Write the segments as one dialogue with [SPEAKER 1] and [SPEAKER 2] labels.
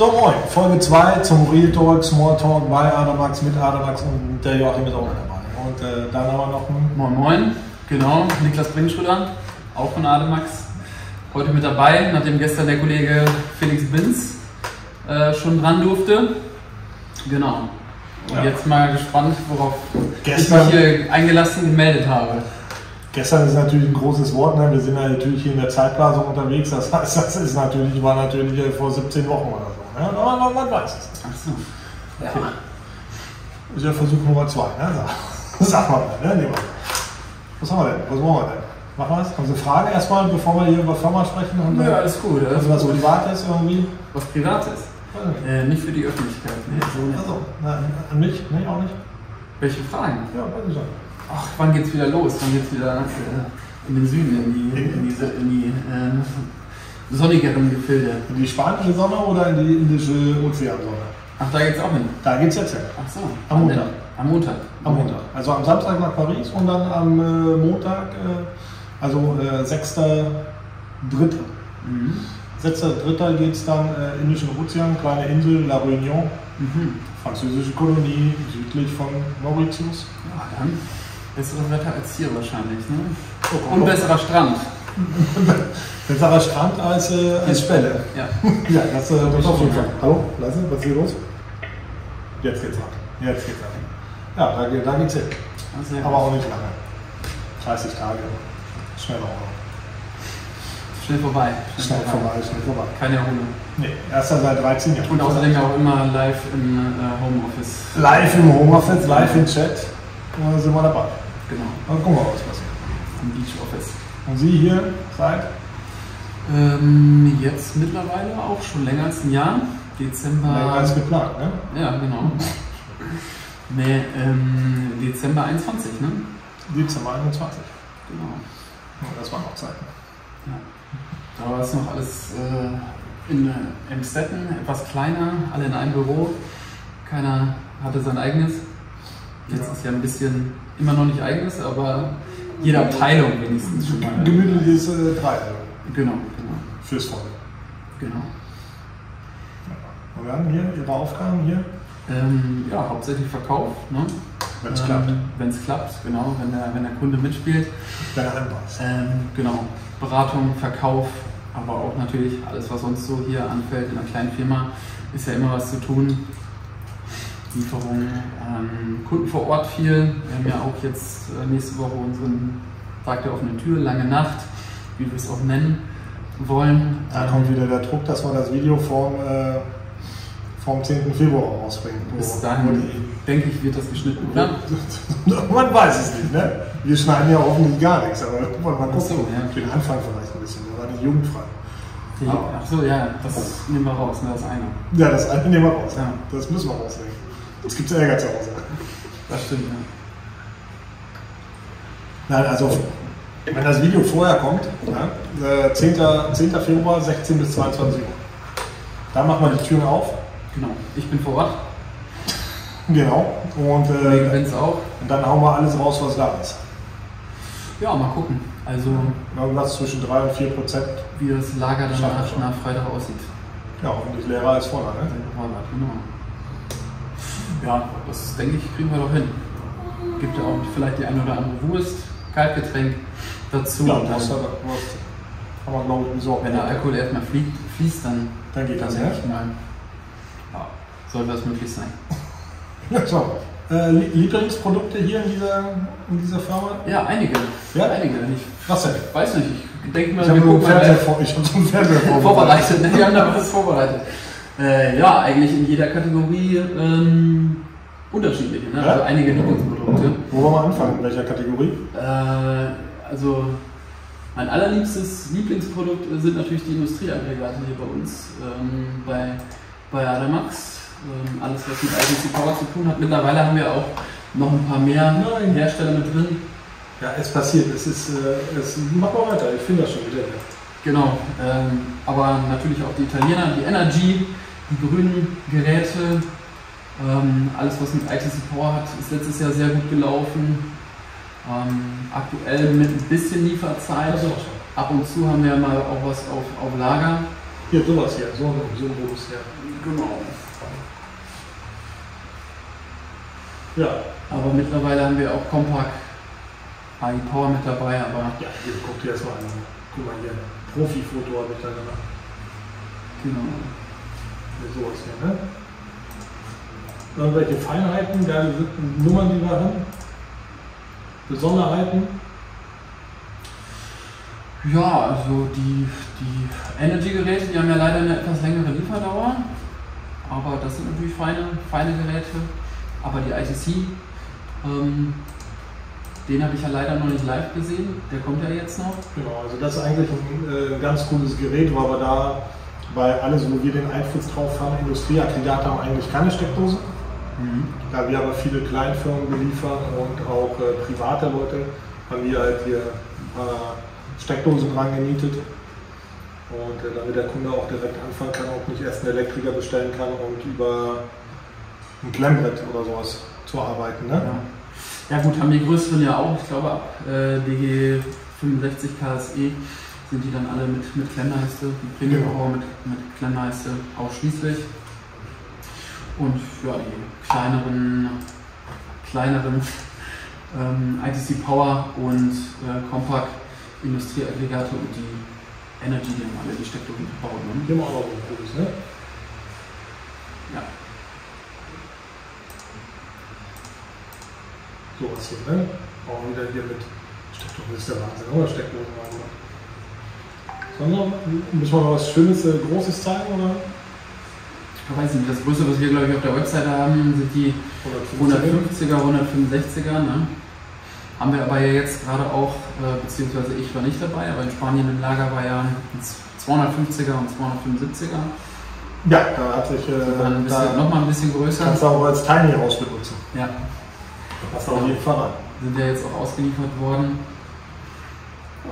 [SPEAKER 1] So, moin. Folge 2 zum Real Talk, Small Talk bei Adamax, mit Adamax und der
[SPEAKER 2] Joachim ist auch mit dabei. Und äh, dann haben wir noch einen. Moin, moin. Genau, Niklas Bringschröder, auch von Adamax. Heute mit dabei, nachdem gestern der Kollege Felix Binz äh, schon dran durfte. Genau. Und ja. jetzt mal gespannt, worauf gestern, ich mich hier eingelassen gemeldet habe. Gestern ist natürlich ein großes Wort,
[SPEAKER 1] ne? wir sind ja natürlich hier in der Zeitblasung unterwegs, das heißt, das ist natürlich, war natürlich äh, vor 17 Wochen oder so. Ja, man, man, man weiß es Ach so. Ja. Okay. Ist ja Versuch Nummer zwei, ne? Sag, mal, ne? Nehmen Was haben wir denn? Was wollen wir denn? Machen wir es? Haben Sie Fragen erstmal, bevor wir hier über Firma sprechen? Und ja, alles cool. Also was Privates
[SPEAKER 2] irgendwie? Was Privates? Okay. Äh, nicht für die Öffentlichkeit. Nee, so nicht. Also, na, an mich? Nee, auch nicht. Welche Fragen? Ja, weiß ich schon. Ach, wann geht's wieder los? Wann geht's wieder äh, in den Süden, in die, in die, in die äh, sonnigeren Gefilde. In die spanische Sonne oder in die indische Ozeansonne? Ach, da geht's auch hin. Da geht's jetzt hin. Ach so. Am Montag. Am Montag.
[SPEAKER 1] Am Montag. Also am Samstag nach Paris und dann am äh, Montag, äh, also äh, 6.3. Mhm. 6.3. geht es dann äh, Indischen Ozean, kleine Insel, La Réunion, mhm. französische Kolonie, südlich von
[SPEAKER 2] Mauritius. Ja, ah, dann besseres Wetter als hier wahrscheinlich. Ne? Oh, oh und oh. besserer Strand. Besserer Strand als, äh, als Spelle. Ja. ja, das äh, muss auf jeden Fall.
[SPEAKER 1] Hallo, leise, was ist hier los? Jetzt geht's ab. Jetzt geht's ab. Ja, da, da geht's hin. Ah, aber gut. auch nicht lange. 30 Tage. Schnell auch.
[SPEAKER 2] Schnell vorbei. Schnell, schnell vorbei. vorbei, schnell vorbei. Keine Erholung. Nee, erst seit 13 Jahren. Und außerdem auch immer live im äh, Homeoffice. Live im Homeoffice, live ja. im Chat. Äh, sind wir dabei. Genau. Dann gucken wir, mal, was passiert. Im Beach Office. Und Sie hier seit? Ähm, jetzt mittlerweile auch schon länger als ein Jahr. Dezember. Ja, ganz geplant, ne? Ja, genau. nee, ähm, Dezember 21, ne? Dezember 21. Genau. Ja, das waren auch Zeiten. Ja. Da war es noch alles äh, in Emstetten, äh, etwas kleiner, alle in einem Büro. Keiner hatte sein eigenes. Jetzt ja. ist ja ein bisschen immer noch nicht eigenes, aber jede Abteilung wenigstens schon mal.
[SPEAKER 1] Gemütliches äh, Dreieck. Genau, genau. Fürs Volk. Genau.
[SPEAKER 2] Organ ja. hier, Ihre Aufgaben hier? Ähm, ja, hauptsächlich Verkauf. Ne? Wenn es ähm, klappt. Wenn es klappt, genau, wenn der, wenn der Kunde mitspielt. Wenn er reinpasst. Ähm, genau. Beratung, Verkauf, aber auch natürlich alles, was sonst so hier anfällt in einer kleinen Firma, ist ja immer was zu tun. Lieferung an ähm, Kunden vor Ort viel. Wir haben ja auch jetzt äh, nächste Woche unseren Tag der offenen Tür, lange Nacht, wie wir es auch nennen wollen. Da kommt wieder der Druck, dass wir das Video vorm, äh,
[SPEAKER 1] vorm 10. Februar rausbringen. Bis oh, dahin, denke ich, wird das geschnitten, oder? man weiß es nicht, ne? Wir schneiden ja hoffentlich gar nichts, aber irgendwann mal gucken. So, ja. Für den Anfang vielleicht ein bisschen, der war Jugend frei. Ach so, ja, das nehmen wir raus, ne? das eine. Ja, das eine nehmen wir raus. Ja. Das müssen wir rauslegen. Sonst gibt es Ärger zu Hause. Das stimmt, ja. Nein, also wenn das Video vorher kommt, ja, 10. Äh, 10. Februar, 16 bis 22 Uhr. Da machen wir die Türen auf. Genau, ich bin vor Ort. Genau. Und, äh, Wegen auch. und dann hauen wir alles raus, was da ist. Ja, mal gucken. Also
[SPEAKER 2] irgendwas zwischen 3 und 4 Prozent. Wie das Lager dann nach, nach Freitag aussieht. Ja, hoffentlich leerer als vorher. Ne? Vorrat, genau ja, das denke ich, kriegen wir doch hin. Gibt ja auch vielleicht die eine oder andere Wurst, Kaltgetränk dazu. Ja, dann, Wurst, kann man glaube ich besorgen. Wenn der Alkohol erstmal fliegt, fließt, dann, dann geht das, nicht. ich mal. Ja, sollte das möglich sein. Ja, so. Äh, Lieblingsprodukte hier in dieser, in dieser Firma? Ja, einige. Ja? Einige. Ich, was denn? Weiß nicht. Ich denke mal, ich habe so einen Fernseher vorbereitet. Wir ne? haben da was vorbereitet. Äh, ja, eigentlich in jeder Kategorie ähm, unterschiedliche, ne? also einige Lieblingsprodukte. Wo wollen wir anfangen? In welcher Kategorie? Äh, also mein allerliebstes Lieblingsprodukt sind natürlich die Industrieaggregate hier bei uns, ähm, bei, bei Adamax. Ähm, alles, was mit IBC Power zu tun hat. Mittlerweile haben wir auch noch ein paar mehr Nein. Hersteller mit drin. Ja, es passiert. Es ist, äh, es macht mal weiter. Ich finde das schon wieder. Genau. Ähm, aber natürlich auch die Italiener, die Energy die grünen Geräte, ähm, alles was mit ITC Power hat, ist letztes Jahr sehr gut gelaufen. Ähm, aktuell mit ein bisschen Lieferzeit. Ab und zu haben wir mal auch was auf, auf Lager. Hier, sowas hier, so, so ein Modus, Genau. Ja. Aber mittlerweile haben wir auch Compact AI Power mit dabei, aber. Ja, hier guckt ihr erstmal an. Guck mal hier, Profi-Foto habe Genau
[SPEAKER 1] sowas hier, ne? Irgendwelche Feinheiten, geile Nummern, die wir
[SPEAKER 2] haben. Besonderheiten. Ja, also die, die Energy-Geräte, die haben ja leider eine etwas längere Lieferdauer. Aber das sind natürlich feine, feine Geräte. Aber die ITC, ähm, den habe ich ja leider noch nicht live gesehen. Der kommt ja jetzt noch. Genau,
[SPEAKER 1] also das ist eigentlich ein äh, ganz cooles Gerät, weil wir da weil alle, so wie wir den Einfluss drauf haben, Industrieaggregate haben eigentlich keine Steckdose. Mhm. Da wir aber viele Kleinfirmen beliefern und auch äh, private Leute, haben wir halt hier ein paar Steckdosen dran gemietet. Und äh, damit der Kunde auch direkt anfangen kann und nicht erst einen Elektriker
[SPEAKER 2] bestellen kann und über ein Klemmbrett oder sowas zu arbeiten. Ne? Ja. ja. gut, haben die größeren ja auch, ich glaube ab äh, DG 65 KSE sind die dann alle mit, mit Klemmleiste, mit Premium-Bau, genau. mit, mit Klemmleiste ausschließlich. Und ja, die kleineren, kleineren ähm, ITC Power und äh, Compact Industrieaggregate und die Energy, die haben alle die Steckdosen gebaut. Ne? Die haben auch noch ein gutes, ne? Ja.
[SPEAKER 1] So was hier, ne? Auch wieder hier mit Steckdosen, das ist der Wahnsinn, oder? Steckdosen waren
[SPEAKER 2] Müssen wir mal was Schönes, äh, Großes zeigen oder? Ich weiß nicht, das Größte, was wir glaube ich auf der Webseite haben, sind die 150er, 165er. Ne? Haben wir aber ja jetzt gerade auch, äh, beziehungsweise ich war nicht dabei, aber in Spanien im Lager war ja ein 250er und 275er. Ja, da hat sich äh, also da nochmal ein bisschen größer. Kannst du auch als Tiny House Ja. Da passt auch jeden Fall rein. Sind ja jetzt auch ausgeliefert worden.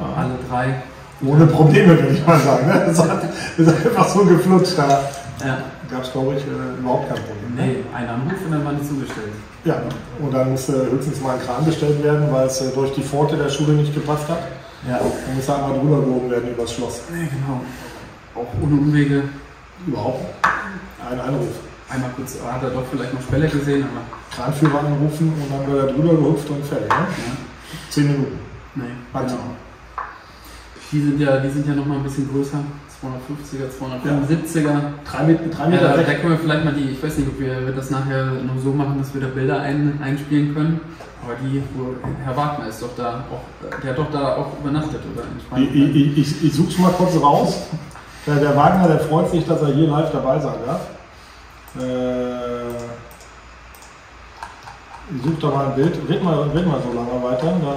[SPEAKER 2] Ja. Alle drei.
[SPEAKER 1] Ohne Probleme, würde ich mal sagen. Ne? Das, hat, das hat einfach so geflutscht. Da ja. gab es, glaube ich, äh, überhaupt kein Problem. Ne? Nee,
[SPEAKER 2] ein Anruf und dann waren die zugestellt.
[SPEAKER 1] Ja, und dann musste höchstens mal ein Kran bestellt werden, weil es äh, durch die Pforte der Schule nicht gepasst hat. Ja. Dann musste einmal
[SPEAKER 2] drüber gehoben werden übers Schloss. Nee, genau. Auch ohne Umwege. Überhaupt. Ein Anruf. Einmal kurz, äh, hat er doch vielleicht noch Spelle gesehen, aber. Kranführer anrufen und dann wird er drüber gehupft und fertig, ne? Ja. Zehn Minuten. Nee. Maximal. Genau. Die sind ja, die sind ja nochmal ein bisschen größer. 250er, 275er. Ja. 3 Meter. Ja, da, können wir vielleicht mal die, ich weiß nicht, ob wir, das nachher noch so machen, dass wir da Bilder ein, einspielen können. Aber die, Herr Wagner ist doch da auch, der hat doch da auch übernachtet, oder? In Spanien,
[SPEAKER 1] ich, ich, ich, ich such's mal kurz raus. Der, der, Wagner, der freut sich, dass er hier live dabei sein darf. Äh, ich suche da mal ein Bild. Red mal, red mal so lange weiter. Da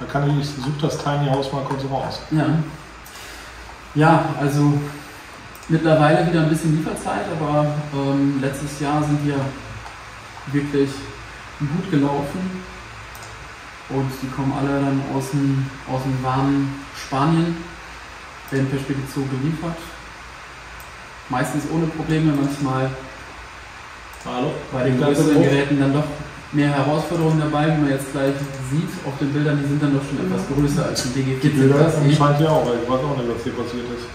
[SPEAKER 1] man kann ich sucht das Tiny House mal
[SPEAKER 2] kurz raus. Ja. ja, also mittlerweile wieder ein bisschen Lieferzeit, aber ähm, letztes Jahr sind wir wirklich gut gelaufen und die kommen alle dann aus dem, aus dem warmen Spanien, werden per Spedition geliefert. Meistens ohne Probleme, manchmal Hallo. bei den größeren Geräten dann doch mehr Herausforderungen dabei, wie man jetzt gleich sieht auf den Bildern, die sind dann doch schon etwas größer als ein DG. Die Bilder anscheinend ja auch, weil ich weiß auch nicht, was hier passiert ist.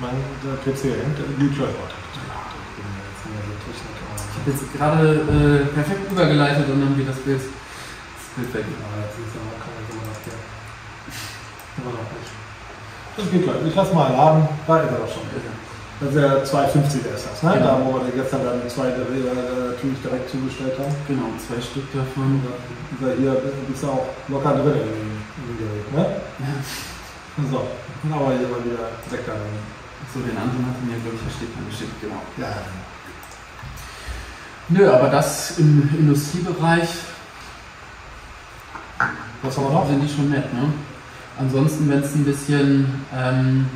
[SPEAKER 2] Mein PC hängt, Bildschirm wartet. Ich habe jetzt gerade äh, perfekt übergeleitet und dann geht das Bild, das Bild weg. Ja, das ist aber, noch hier. Immer noch nicht. Das geht gleich. Ich lasse mal laden, da ist er doch schon.
[SPEAKER 1] Das ist ja 250er ist das, ne? Genau. Da, wo wir gestern dann zwei Räder äh, natürlich direkt zugestellt
[SPEAKER 2] haben. Genau, zwei Stück davon. Da, hier bist du auch locker drin im Gerät, ne? Ja. So, aber hier mal wieder Sektor. So, den anderen hat mir, glaube ich, Herr Stegmann geschickt, genau. Ja.
[SPEAKER 1] Nö, aber das
[SPEAKER 2] im Industriebereich. Was haben wir noch? Sind die schon nett, ne? Ansonsten, wenn es ein bisschen ähm,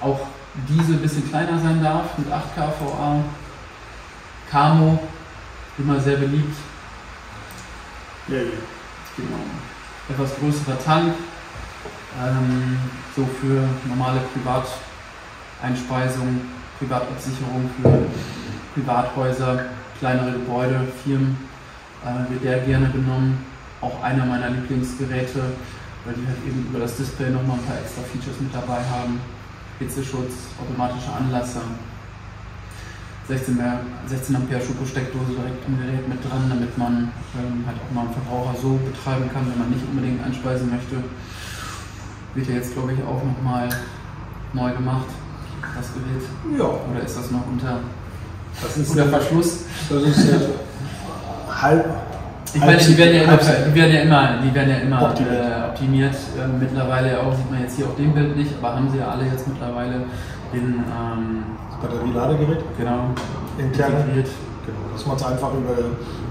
[SPEAKER 2] auch diese ein bisschen kleiner sein darf mit 8 kVA. Camo, immer sehr beliebt. Ja, ja. Genau. Etwas größerer Tank, ähm, so für normale Privateinspeisung, Privatabsicherung für Privathäuser, kleinere Gebäude, Firmen äh, wird der gerne genommen. Auch einer meiner Lieblingsgeräte, weil die halt eben über das Display nochmal ein paar extra Features mit dabei haben. Hitzeschutz, automatische Anlasser, 16, 16 Ampere Schuko-Steckdose direkt im Gerät mit dran, damit man ähm, halt auch mal einen Verbraucher so betreiben kann, wenn man nicht unbedingt einspeisen möchte. Wird ja jetzt, glaube ich, auch nochmal neu gemacht, das Gerät. Ja. Oder ist das noch unter, das ist unter Verschluss? Das ist ja halb. Ich meine, die werden ja, immer, die werden ja immer, die werden ja immer optimiert ähm, mittlerweile auch, sieht man jetzt hier auf dem Bild nicht, aber haben sie ja alle jetzt mittlerweile in ähm, Batterieladegerät genau, intern integriert. Genau, dass man es einfach über,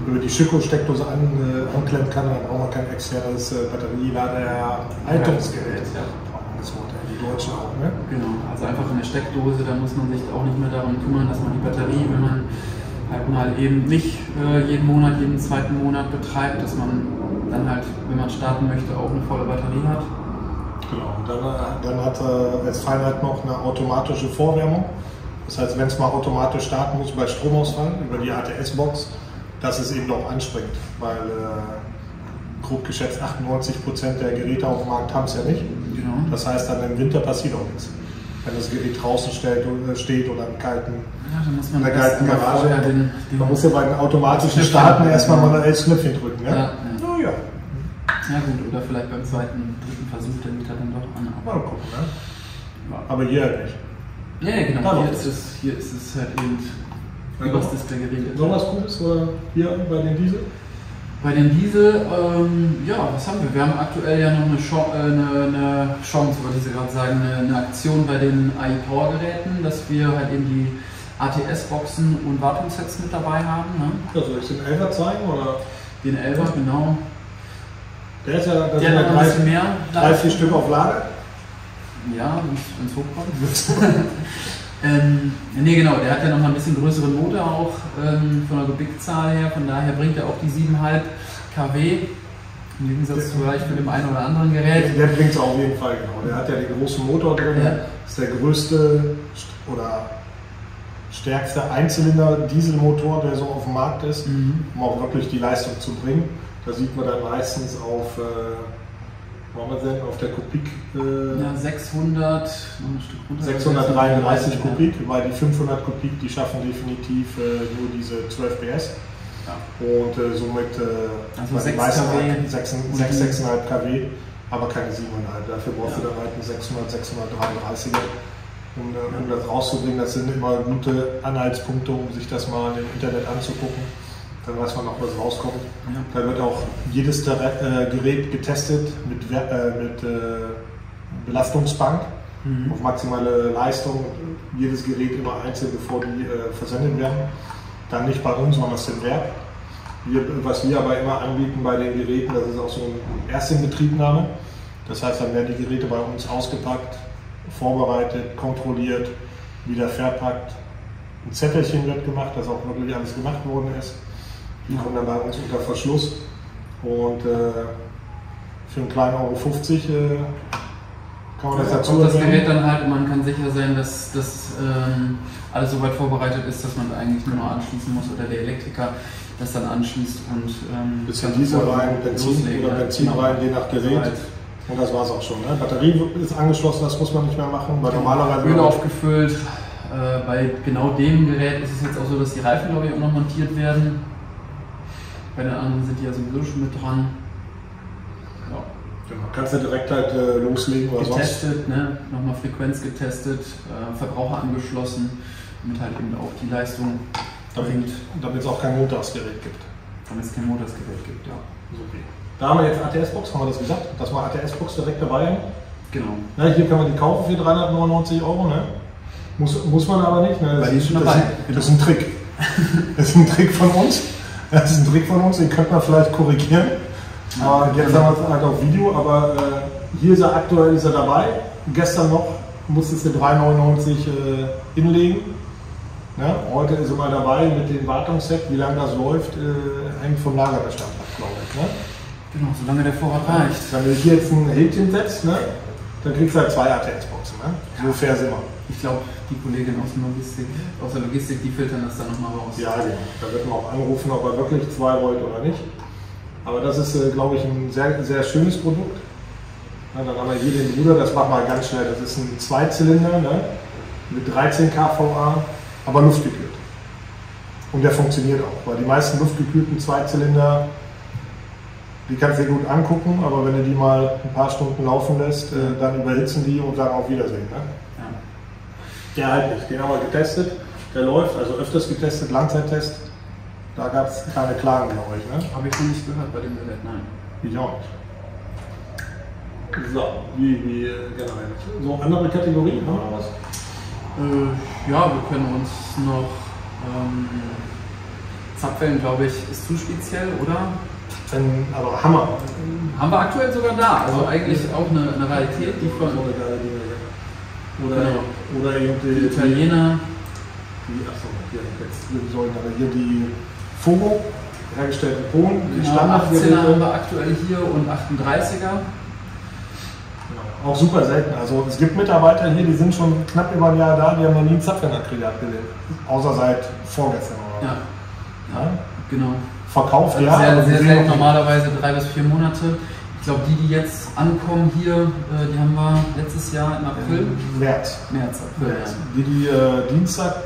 [SPEAKER 1] über die Schüko-Steckdose an, äh, anklemmen kann, dann braucht man kein externes äh,
[SPEAKER 2] Batterieladehaltungsgerät. Ja. Das Wort, die Deutschen auch, ne? Genau, also einfach eine Steckdose, da muss man sich auch nicht mehr darum kümmern, dass man die Batterie, wenn man halt mal eben nicht äh, jeden Monat, jeden zweiten Monat betreibt, dass man dann halt, wenn man starten möchte, auch eine volle Batterie hat. Genau, und dann, dann hat äh, Westfalen halt noch eine automatische Vorwärmung.
[SPEAKER 1] Das heißt, wenn es mal automatisch starten muss bei Stromausfall über die ATS-Box, dass es eben doch anspringt, weil äh, grob geschätzt 98% Prozent der Geräte auf dem Markt haben es ja nicht. Genau. Das heißt, dann im Winter passiert auch nichts. Wenn das Gerät draußen steht oder, äh, steht oder im kalten, ja, muss man in der kalten Garage. Den, den man muss ja bei den automatischen Starten erstmal manuell Schnüffchen drücken. Ne? Ja.
[SPEAKER 2] Ja gut, oder vielleicht beim zweiten, dritten Versuch der Mieter dann doch an. Aber Mal gucken, ne? Ja. Aber hier halt nicht. Ja, ja genau. Hier ist, es, hier ist es halt eben also, übers Display geregelt. Noch was Gutes oder hier bei den Diesel? Bei den Diesel, ähm, ja, was haben wir? Wir haben aktuell ja noch eine, Sch äh, eine, eine Chance, wollte ich gerade sagen, eine, eine, Aktion bei den AI e Power Geräten, dass wir halt eben die ATS-Boxen und Wartungssets mit dabei haben. Ne? Ja, soll ich den Elfer zeigen oder? Den Elfer, genau. Der ist ja, da der sind ja drei, mehr, drei, vier Stück auf Lager. Ja, wenn es hochkommt. ähm, ne, genau, der hat ja noch mal ein bisschen größeren Motor auch ähm, von der Gebickzahl her, von daher bringt er auch die 7,5 kW. Im Gegensatz vielleicht mit dem einen oder anderen Gerät. Der bringt es auf jeden Fall, genau. Der hat ja den großen Motor drin, ja. ist der größte
[SPEAKER 1] oder stärkste Einzylinder-Dieselmotor, der so auf dem Markt ist, mhm. um auch wirklich die Leistung zu bringen. Da sieht man dann meistens auf, äh, was haben wir denn, auf der Kubik.
[SPEAKER 2] Äh, ja, 600, 633 ja.
[SPEAKER 1] Kubik, weil die 500 Kubik, die schaffen definitiv äh, nur diese 12 PS. Ja. Und äh, somit äh, also kW. 6,5 kW, aber keine 7,5. Dafür brauchst ja. du dann halt eine 600, 633er. Um, äh, um das rauszubringen, das sind immer gute Anhaltspunkte, um sich das mal im Internet anzugucken. Da weiß man auch, was rauskommt. Ja. Da wird auch jedes äh, Gerät getestet mit, äh, mit äh, Belastungsbank mhm. auf maximale Leistung. Jedes Gerät immer einzeln, bevor die versendet werden. Dann nicht bei uns, sondern aus dem Werk. Wir, was wir aber immer anbieten bei den Geräten, das ist auch so eine erste Betriebnahme. Das heißt, dann werden die Geräte bei uns ausgepackt, vorbereitet, kontrolliert, wieder verpackt. Ein Zettelchen wird gemacht, dass auch wirklich alles gemacht worden ist. Die kommen dann bei uns unter Verschluss. Und äh, für einen kleinen Euro 50 äh, kann man das dazu Und das Gerät dann
[SPEAKER 2] halt, man kann sicher sein, dass das ähm, alles soweit vorbereitet ist, dass man eigentlich nur noch anschließen muss oder der Elektriker das dann anschließt und ähm, bisschen Diesel rein, Benzin loslegen, ne? oder Benzin genau. rein, je nach Gerät. Soweit.
[SPEAKER 1] Und das war es auch schon. Ne? Batterie
[SPEAKER 2] ist angeschlossen, das muss man nicht mehr
[SPEAKER 1] machen. Weil genau. normalerweise Öl
[SPEAKER 2] aufgefüllt. Äh, bei genau dem Gerät ist es jetzt auch so, dass die Reifen, glaube ich, auch noch montiert werden. Bei den anderen sind die ja sowieso schon mit dran. Ja. Genau. Kannst du direkt halt äh, loslegen oder Getestet, sonst? ne? nochmal Frequenz getestet, äh, Verbraucher angeschlossen, damit halt eben auch die Leistung damit es auch kein Montagsgerät gibt.
[SPEAKER 1] Damit es kein Montagsgerät gibt, ja. Okay. Da haben wir jetzt ATS-Box, haben wir das gesagt, dass wir ATS-Box direkt dabei haben. Genau. Na, ne, hier kann man die kaufen für 399 Euro, ne? Muss, muss man aber nicht, ne? Das, ist, das, das, ist ein Trick. Das ist ein Trick von uns. Das ist ein Trick von uns, den könnte man vielleicht korrigieren. Ja, jetzt haben wir es halt auf Video, aber äh, hier ist er aktuell ist er dabei. Gestern noch musstest du 3,99 äh, hinlegen. Ne? Heute ist er mal dabei mit dem Wartungsset. Wie lange das läuft, äh, hängt vom Lagerbestand ab, glaube ich. Ne? Genau, solange der Vorrat reicht. Wenn du hier jetzt ein Häkchen setzt, ne? dann kriegst du halt zwei ATX-Boxen. Ne? So fair sind wir ich glaube, die Kollegin aus, Logistik, aus der Logistik, die filtern das dann nochmal raus. Ja, genau. Da wird man auch anrufen, ob er wirklich 2 Volt oder nicht. Aber das ist, äh, glaube ich, ein sehr, sehr schönes Produkt. dann haben wir hier den Bruder, das machen wir ganz schnell. Das ist ein Zweizylinder ne? mit 13 kVA, aber luftgekühlt. Und der funktioniert auch, weil die meisten luftgekühlten Zweizylinder, die kannst du dir gut angucken, aber wenn du die mal ein paar Stunden laufen lässt, äh, dann überhitzen die und dann auf Wiedersehen. Ne? Der halt nicht. Den haben wir getestet. Der läuft, also öfters getestet, Langzeittest. Da gab es keine Klagen bei euch, ne? Habe ich noch nicht gehört bei dem Event, nein. Ich auch
[SPEAKER 2] nicht. So, wie, wie, genau. So, andere Kategorien haben wir was? Äh, ja, wir können uns noch. Ähm, Zapfen, glaube ich, ist zu speziell, oder? Zapfen, aber also Hammer. Haben wir aktuell sogar da. Also eigentlich auch eine, eine Realität, die von. Oder, genau. oder eben die, die Italiener. Die, achso, ja, jetzt sollen aber hier die Fogo, hergestellt in Polen, die genau, 18er haben wir aktuell hier und 38er. Genau.
[SPEAKER 1] Auch super selten. Also es gibt Mitarbeiter hier, die sind schon knapp über ein Jahr da, die haben noch nie einen
[SPEAKER 2] Zapfhänger-Aggregat gesehen. Außer seit vorgestern oder ja. ja. ja. Genau. Verkauft, also ja. Sehr, sehr selten, normalerweise drei bis vier Monate. Ich glaube, die, die jetzt ankommen hier, äh, die haben wir letztes Jahr im April. März. März, April. März. Die, die
[SPEAKER 1] äh, Dienstag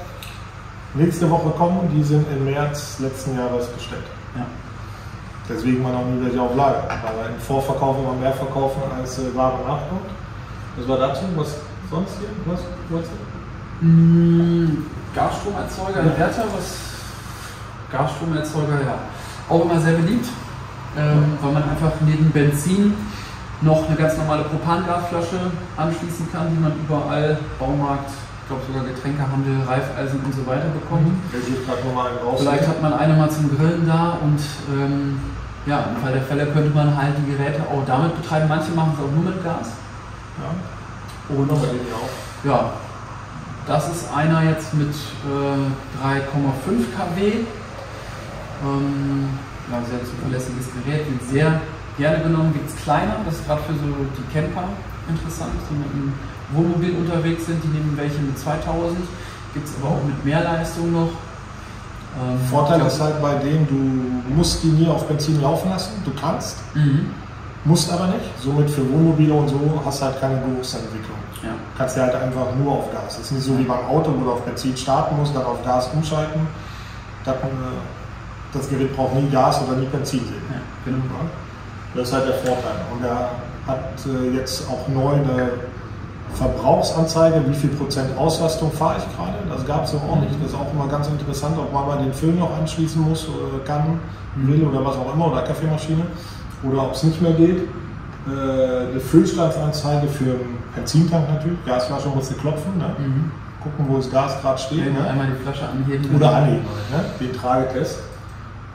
[SPEAKER 1] nächste Woche kommen, die sind im März letzten Jahres bestellt. Ja. Deswegen waren auch nie welche auf Lager. Weil im Vorverkauf immer mehr verkaufen als
[SPEAKER 2] äh, Ware nachkommt. Das war dazu, was sonst hier? Was wolltest du? Mm, hm, Gasstromerzeuger, ja. Wärter, was Gasstromerzeuger, ja. Auch immer sehr beliebt. Ähm, weil man einfach neben Benzin noch eine ganz normale Propangasflasche anschließen kann, die man überall, Baumarkt, ich glaube sogar Getränkehandel, Reifeisen und so weiter bekommt. Mhm. Vielleicht hat man eine mal zum Grillen da und ähm, ja, im Fall der Fälle könnte man halt die Geräte auch damit betreiben. Manche machen es auch nur mit Gas. Ja. Und auch. ja, das ist einer jetzt mit äh, 3,5 kW. Ähm, genau, sehr halt zuverlässiges Gerät, wird sehr gerne genommen, gibt es kleiner, das ist gerade für so die Camper interessant, die mit einem Wohnmobil unterwegs sind, die nehmen welche mit 2000, gibt es aber auch mit mehr Leistung noch. Ähm, Vorteil glaub, ist halt bei dem, du
[SPEAKER 1] musst die nie auf Benzin laufen lassen, du kannst, mhm. musst aber nicht, somit für Wohnmobile und so hast du halt keine Berufsentwicklung. Ja. Kannst du halt einfach nur auf Gas. Das ist nicht so wie beim Auto, wo du auf Benzin starten musst, dann auf Gas umschalten. Das, äh, das Gerät braucht nie Gas oder nie Benzin. Ja, genau. Das ist halt der Vorteil. Und er hat äh, jetzt auch neu eine Verbrauchsanzeige, wie viel Prozent Auslastung fahre ich gerade. Das gab es noch auch nicht. Das ist auch immer ganz interessant, ob man mal den Föhn noch anschließen muss, kann, will oder was auch immer, oder Kaffeemaschine. Oder ob es nicht mehr geht. Äh, eine Füllstandsanzeige für einen Benzintank natürlich. Gasflasche musst du klopfen. Ne? Mhm. Gucken, wo das Gas gerade steht. ne? Einmal die Flasche anheben. Oder anheben. Ne? Den Tragetest.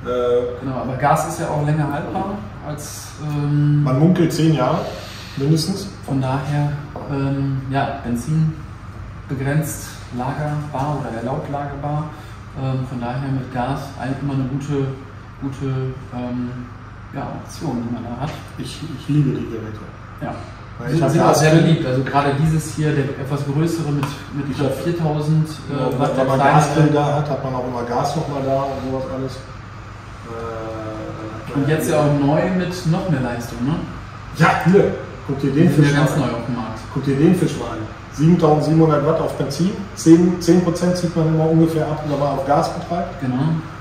[SPEAKER 1] Äh,
[SPEAKER 2] genau, aber Gas ist ja auch länger haltbar als. Ähm, man munkelt zehn Jahre mindestens. Von daher, ähm, ja, Benzin begrenzt lagerbar oder erlaubt lagerbar. Ähm, von daher mit Gas eigentlich immer eine gute, gute ähm, ja, Option, die man da hat. Ich, ich liebe die Geräte. Ja. Weil ich sind auch sehr beliebt. Also gerade dieses hier, der etwas größere mit, mit 4000 äh, Watt. Wenn man Gasgrill da hat,
[SPEAKER 1] hat man auch immer Gas nochmal da und sowas alles.
[SPEAKER 2] Äh, und jetzt ja auch neu mit noch mehr Leistung, ne? Ja, hier. Guck
[SPEAKER 1] dir den Fisch ganz neu auf dem Markt. Guck dir den Fisch mal an. 7700 Watt auf Benzin, 10, 10 zieht man immer ungefähr ab, wenn man auf Gas betreibt. Genau.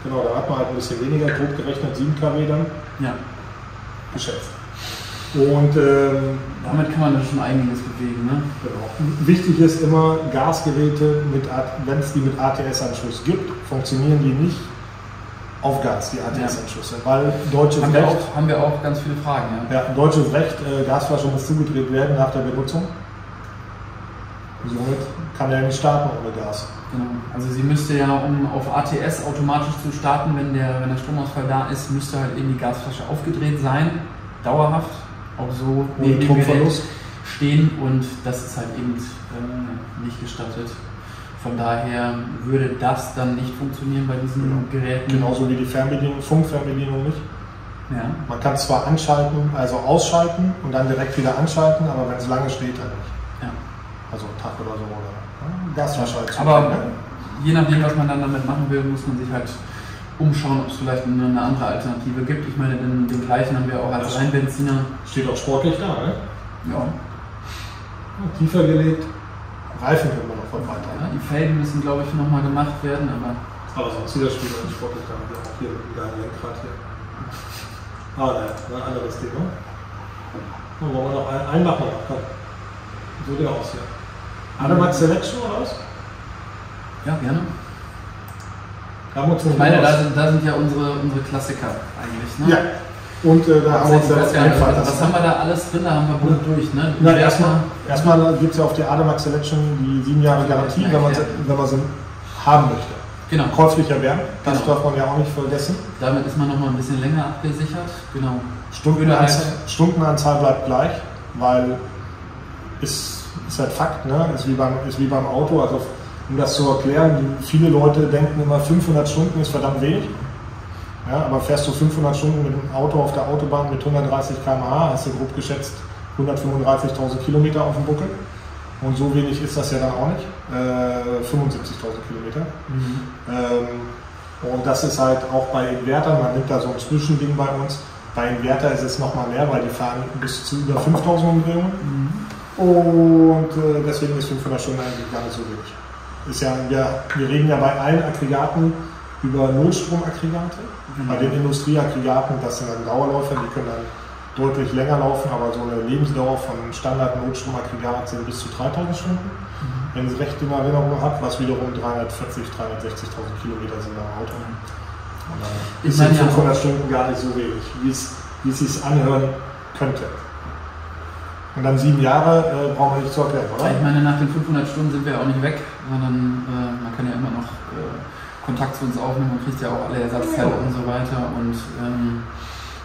[SPEAKER 1] Genau, da hat man halt ein bisschen weniger, grob gerechnet 7 kW dann. Ja. Geschätzt. Und ähm, damit kann man dann schon einiges bewegen. Ne? Genau. Wichtig ist immer, Gasgeräte, wenn es die mit ATS-Anschluss gibt, funktionieren die nicht auf Gas, die ATS-Anschlüsse. Ja. Weil deutsches haben Recht. Wir auch, haben wir auch ganz viele Fragen. Ja, ja deutsches Recht, äh, Gasflasche muss
[SPEAKER 2] zugedreht werden nach der Benutzung. Somit kann er nicht starten ohne Gas. Genau. Also sie müsste ja, um auf ATS automatisch zu starten, wenn der, wenn der Stromausfall da ist, müsste halt eben die Gasflasche aufgedreht sein, dauerhaft, auch so ohne Stromverlust stehen und das ist halt eben äh, nicht gestattet. Von daher würde das dann nicht funktionieren bei diesen ja. Genau. Geräten. Genauso wie die Fernbedienung,
[SPEAKER 1] Funkfernbedienung nicht. Ja. Man kann zwar anschalten, also ausschalten und dann direkt wieder
[SPEAKER 2] anschalten, aber wenn es lange steht, dann nicht. Ja. Also einen Tag oder so oder ne? Gasverschaltung. Aber ne? je nachdem, was man dann damit machen will, muss man sich halt umschauen, ob es vielleicht eine andere Alternative gibt. Ich meine, den, den gleichen haben wir auch als Reinbenziner. Steht auch sportlich da, ne? Ja. ja. Tiefer gelegt. Reifen können wir von weiter. Ja, die Felgen müssen, glaube ich, nochmal gemacht werden, aber. Aber sonst wieder Spiel und sportlich haben wir auch hier wieder ein Lenkrad hier. Ah, naja, ein anderes Thema. Und oh, wollen wir noch einen, einen machen? Komm. So der aus hier. Animat Selection oder was? Ja, gerne. Ich meine, da sind, da sind ja unsere, unsere Klassiker eigentlich. Ne? Ja. Und äh, da haben wir uns dann ja, einfach. Also, was das haben wir da alles drin? Da haben wir gut durch. Ne? erstmal
[SPEAKER 1] erstmal gibt es ja auf der Ademax Selection die sieben Jahre Garantie, wenn man, wenn
[SPEAKER 2] man sie haben möchte. Genau. Käuflich erwerben, das genau. darf man ja auch nicht vergessen. Damit ist man nochmal ein bisschen länger abgesichert. Genau. Stundenanzahl, halt-
[SPEAKER 1] Stundenanzahl bleibt gleich, weil ist, ist halt Fakt, ne? ist, wie beim, ist wie beim Auto. Also um das zu erklären, viele Leute denken immer 500 Stunden ist verdammt wenig. Ja, aber fährst du 500 Stunden mit dem Auto auf der Autobahn mit 130 km/h, hast du grob geschätzt 135.000 Kilometer auf dem Buckel. Und so wenig ist das ja dann auch nicht. Äh, 75.000 Kilometer. Mhm. Ähm, und das ist halt auch bei Inverter, man nimmt da so ein Zwischending bei uns. Bei Inverter ist es nochmal mehr, weil die fahren bis zu über 5.000 Umdrehungen. Mhm. Und äh, deswegen ist 500 Stunden eigentlich gar nicht so wenig. Ist ja, wir, wir reden ja bei allen Aggregaten über Notstromaggregate. Mhm. Bei den Industrieaggregaten, das sind dann Dauerläufer, die können dann deutlich länger laufen, aber so eine Lebensdauer von Standard-Notstromaggregat sind bis zu 3000 Stunden. Mhm. Wenn es recht in Erinnerung hat, was wiederum 340, 360.000 Kilometer sind am Auto. Und dann sind 500 ja Stunden gar nicht so wenig, wie es, wie es sich anhören könnte.
[SPEAKER 2] Und dann sieben Jahre äh, brauchen wir nicht zu erklären, oder? Ich meine, nach den 500 Stunden sind wir ja auch nicht weg, sondern äh, man kann ja immer noch Kontakt zu uns aufnehmen. Man kriegt ja auch alle Ersatzteile ja. und so weiter. Und ähm,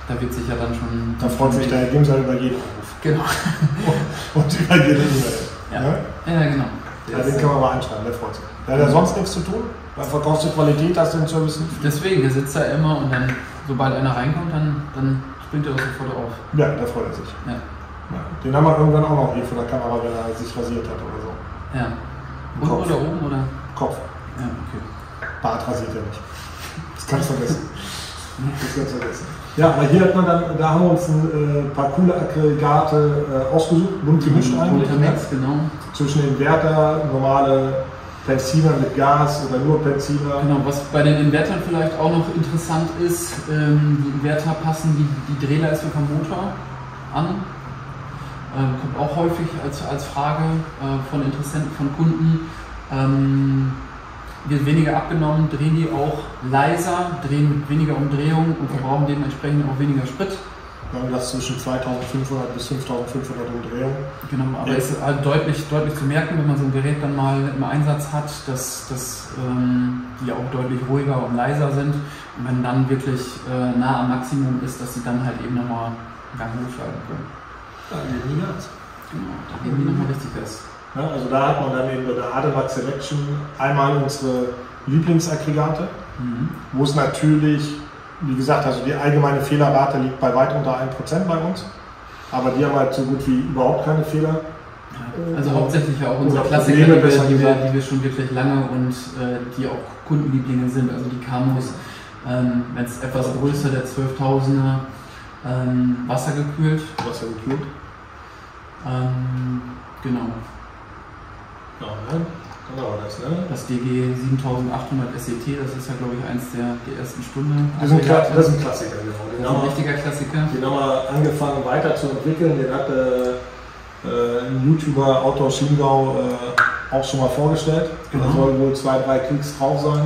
[SPEAKER 2] da wird sich ja dann schon. Da freut sich der Herr halt über jeden Anruf. Genau. und über jede E-Mail. Ja. Ja? ja, genau. Ja, den kann man mal anschreiben, der freut sich. Da hat er mhm. sonst nichts zu tun, weil verkaufst du Qualität, hast du den Service nicht. Deswegen, der sitzt da immer und dann, sobald einer reinkommt, dann, dann springt er auch sofort auf. Ja, da freut er sich. Ja. ja. Den haben
[SPEAKER 1] wir irgendwann auch noch hier von der Kamera, wenn er sich rasiert hat oder so.
[SPEAKER 2] Ja. Unten oder oben oder? Kopf. Ja,
[SPEAKER 1] okay. Bart rasiert ja nicht.
[SPEAKER 2] Das kannst du vergessen. Das
[SPEAKER 1] kannst du vergessen. Ja, aber hier hat man dann, da haben wir uns äh, ein äh, paar coole Aggregate äh,
[SPEAKER 2] ausgesucht, bunt gemischt mhm. eigentlich. Untermix, ne? genau. Zwischen den Werter, normale Benziner mit Gas oder nur Benziner. Genau, was bei den Invertern vielleicht auch noch interessant ist, ähm, die Inverter passen die, die Drehleistung am Motor an. Ähm, kommt auch häufig als, als Frage äh, von Interessenten, von Kunden. Ähm, wird weniger abgenommen, drehen die auch leiser, drehen mit weniger Umdrehung und verbrauchen dementsprechend auch weniger Sprit. Wir haben das zwischen 2500 bis 5500 Umdrehungen. Genau, aber es ist halt deutlich, deutlich zu merken, wenn man so ein Gerät dann mal im Einsatz hat, dass, dass ähm, die auch deutlich ruhiger und leiser sind. Und wenn dann wirklich äh, nah am Maximum ist, dass sie dann halt eben nochmal Gang hochschalten können. Ja, niemals.
[SPEAKER 1] Genau, da geben die nochmal richtig ist. Ne? also da hat man dann eben bei der Adelbach Selection einmal unsere Lieblingsaggregate, mhm. wo es natürlich, wie gesagt, also die allgemeine Fehlerrate liegt bei weit unter 1% bei uns, aber die haben halt so gut wie überhaupt keine Fehler. also hauptsächlich auch unsere Klassiker, die wir, die,
[SPEAKER 2] wir, schon wirklich lange und äh, die auch Kundenlieblinge sind, also die Camus, ähm, wenn es etwas größer, der 12.000er, ähm, wassergekühlt. Wassergekühlt. Ähm, genau. Genau, ne? das, ne? Das DG 7800 SET, das ist ja, glaube ich, eins der, der ersten Stunde. Das ist, ein, genau. das ist ein Klassiker, genau. Den das ist ein richtiger
[SPEAKER 1] Klassiker. Den haben wir angefangen weiterzuentwickeln. Den hat äh, äh ein YouTuber, Autor Schlingau, äh, auch schon mal vorgestellt. Genau. Da sollen wohl zwei, drei Klicks drauf sein.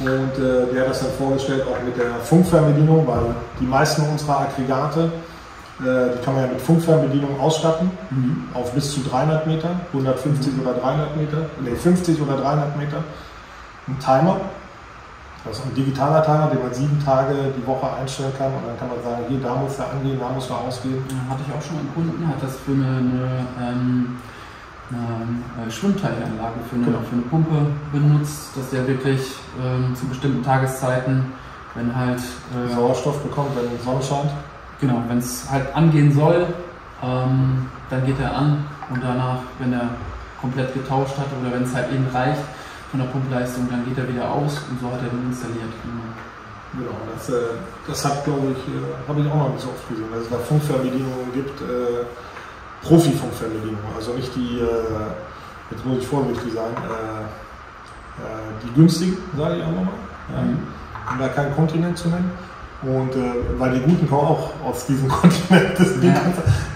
[SPEAKER 1] Und äh, der hat das dann vorgestellt, auch mit der Funkfernbedienung, weil die meisten unserer Aggregate äh, die kann man ja mit Funkfernbedienung ausstatten, mhm. auf bis zu 300 Meter, 150 mhm. oder 300 Meter, nee, 50 oder 300 Meter. Ein Timer, das ist ein digitaler Timer, den man sieben Tage die Woche
[SPEAKER 2] einstellen kann und dann kann man sagen, hier, da muss er angehen, da muss er ausgehen. Hatte ich auch schon einen Kunden, hat das für eine, eine ähm, eine äh, Schwimmteilanlage für eine, genau. für eine Pumpe benutzt, dass der wirklich ähm, zu bestimmten Tageszeiten, wenn halt äh, Sauerstoff bekommt, wenn die Sonne scheint, genau, wenn es halt angehen soll, ähm, dann geht er an und danach, wenn er komplett getauscht hat oder wenn es halt eben reicht von der Pumpleistung, dann geht er wieder aus und so hat er den installiert. Genau, genau das, äh, das hat, glaube ich, äh, habe ich auch noch nicht so oft gesehen, dass es da Funkfernbedienungen gibt, äh,
[SPEAKER 1] Profi-Funkfernbedienungen, also nicht die, äh, jetzt muss ich vorsichtig sein, äh, äh, die günstigen, sage ich auch nochmal, mhm. um da keinen Kontinent zu nennen. Und äh, weil die Guten kommen auch aus diesem Kontinent. ist, ja.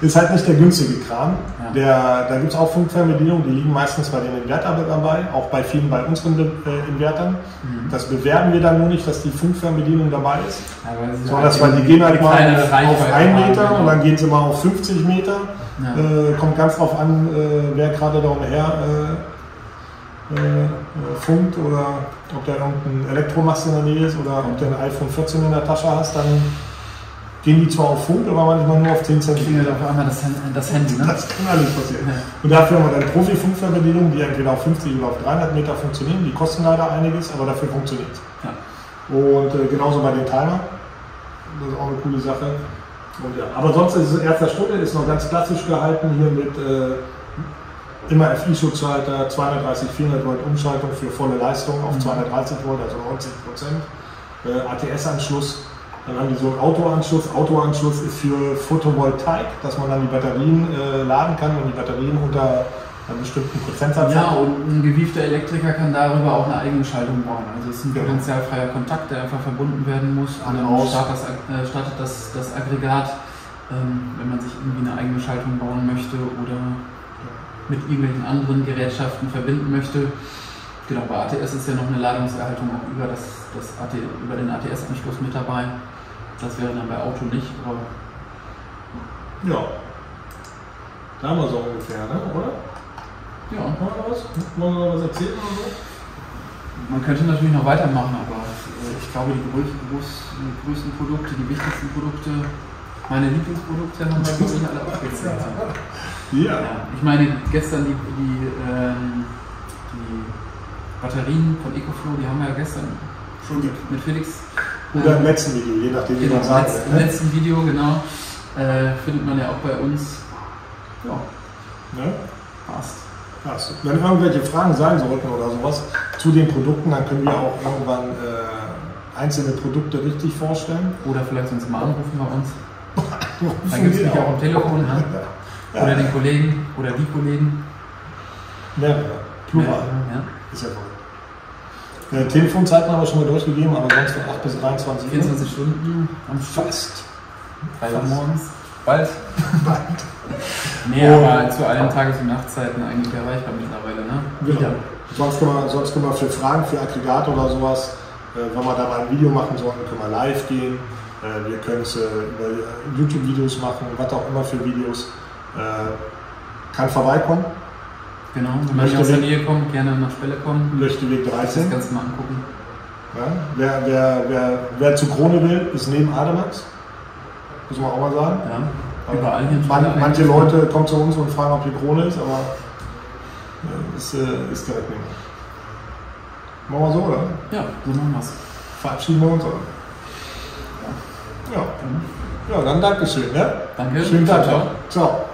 [SPEAKER 1] ist halt nicht der günstige Kram. Ja. Der, da gibt es auch Funkfernbedienungen, die liegen meistens bei den Inverter dabei, auch bei vielen bei unseren äh, Invertern. Mhm. Das bewerben wir dann nur nicht, dass die Funkfernbedienung dabei ist. Ja, Sondern halt dass, weil die gehen halt mal auf 1 Meter haben, und dann gehen sie mal auf 50 Meter. Äh, kommt ganz drauf an, äh, wer gerade da umher äh, funkt oder ob da irgendein Elektromast in der Nähe ist oder ob du ein iPhone 14 in der Tasche hast, dann gehen die zwar auf Funk, aber manchmal nur auf 10 Cent. Klingelt auf einmal das, das Handy, ne? Das kann alles passieren. Ja. Und dafür haben wir dann profi funkverbindungen die entweder auf 50 oder auf 300 Meter funktionieren. Die kosten leider einiges, aber dafür funktioniert es. Ja. Und äh, genauso bei den Timer. Das ist auch eine coole Sache. Und, ja. Aber sonst ist es erster Stunde, ist noch ganz klassisch gehalten hier mit. Äh, immer FI-Schutzschalter, 230, 400 Volt Umschaltung für volle Leistung auf 230 mhm. Volt, also 90 Prozent, äh, ATS-Anschluss. Dann haben die so einen Autoanschluss. Autoanschluss ist für Photovoltaik, dass man dann die Batterien äh, laden
[SPEAKER 2] kann, wenn die Batterien unter einem bestimmten Prozentsatz Ja, und ein gewiefter Elektriker kann darüber auch eine eigene Schaltung bauen. Also es ist ein genau. potenzialfreier Kontakt, der einfach verbunden werden muss. Und dann startet das, äh, startet das, das Aggregat, ähm, wenn man sich irgendwie eine eigene Schaltung bauen möchte oder mit irgendwelchen anderen Gerätschaften verbinden möchte. Genau, bei ATS ist ja noch eine Ladungserhaltung auch über, das, das AT, über den ATS-Anschluss mit dabei. Das wäre dann bei Auto nicht, aber. Ja. Da haben wir so ungefähr, ne? oder?
[SPEAKER 1] Ja. Haben wir was? Hm? Wollen wir noch was erzählen oder so?
[SPEAKER 2] Man könnte natürlich noch weitermachen, aber äh, ich glaube, die größten Produkte, die wichtigsten Produkte, meine Lieblingsprodukte haben wir wirklich alle aufgezählt. Ja. Ich meine, gestern die, die, ähm, die Batterien von EcoFlow, die haben wir ja gestern schon mit, mit Felix. Oder ähm, im letzten Video, je nachdem, wie genau, man sagt. Im ne? letzten Video, genau. Äh, findet man ja auch bei uns. Ja. Ne? Passt. Passt. Wenn irgendwelche Fragen sein sollten oder sowas
[SPEAKER 1] zu den Produkten, dann können wir auch irgendwann äh, einzelne Produkte richtig vorstellen. Oder
[SPEAKER 2] vielleicht sonst mal anrufen bei uns. Dann gibt es mich auch am Telefon ne? an. Ja. Oder den Kollegen oder die Kollegen. Mehrere. Plural. Mehrere, ja. Ist ja
[SPEAKER 1] voll. Äh, Telefonzeiten haben wir schon mal durchgegeben, aber sonst von 8 bis 23 Uhr. 24 Stunden
[SPEAKER 2] am Fast. Bald morgens. Bald. Bald. nee, oh. aber zu allen Tages- und Nachtzeiten eigentlich erreichbar mittlerweile, ne? Genau. Ja. Sonst können, wir, sonst können wir
[SPEAKER 1] für Fragen, für Aggregate oder sowas, äh, wenn wir da mal ein Video machen sollten, können wir live gehen. Äh, wir können es äh, über äh, YouTube-Videos machen, was auch immer für Videos. Äh, kann vorbeikommen. Genau, wenn man aus der Nähe kommt, gerne nach Spelle kommen. Möchte Weg 13. Das Ganze mal angucken. Ja, wer, wer, wer, wer zu Krone will, ist neben Ademax. Muss man auch mal sagen. Ja, überall hier man, Manche Leute kommen zu uns und fragen, ob die Krone ist, aber äh, ist, äh, ist direkt neben. Machen wir so, oder? Ja, so machen wir es. Verabschieden wir uns, oder? Ja. Ja, dann Dankeschön. Ne? Danke. Schönen Tag. Ciao. ciao.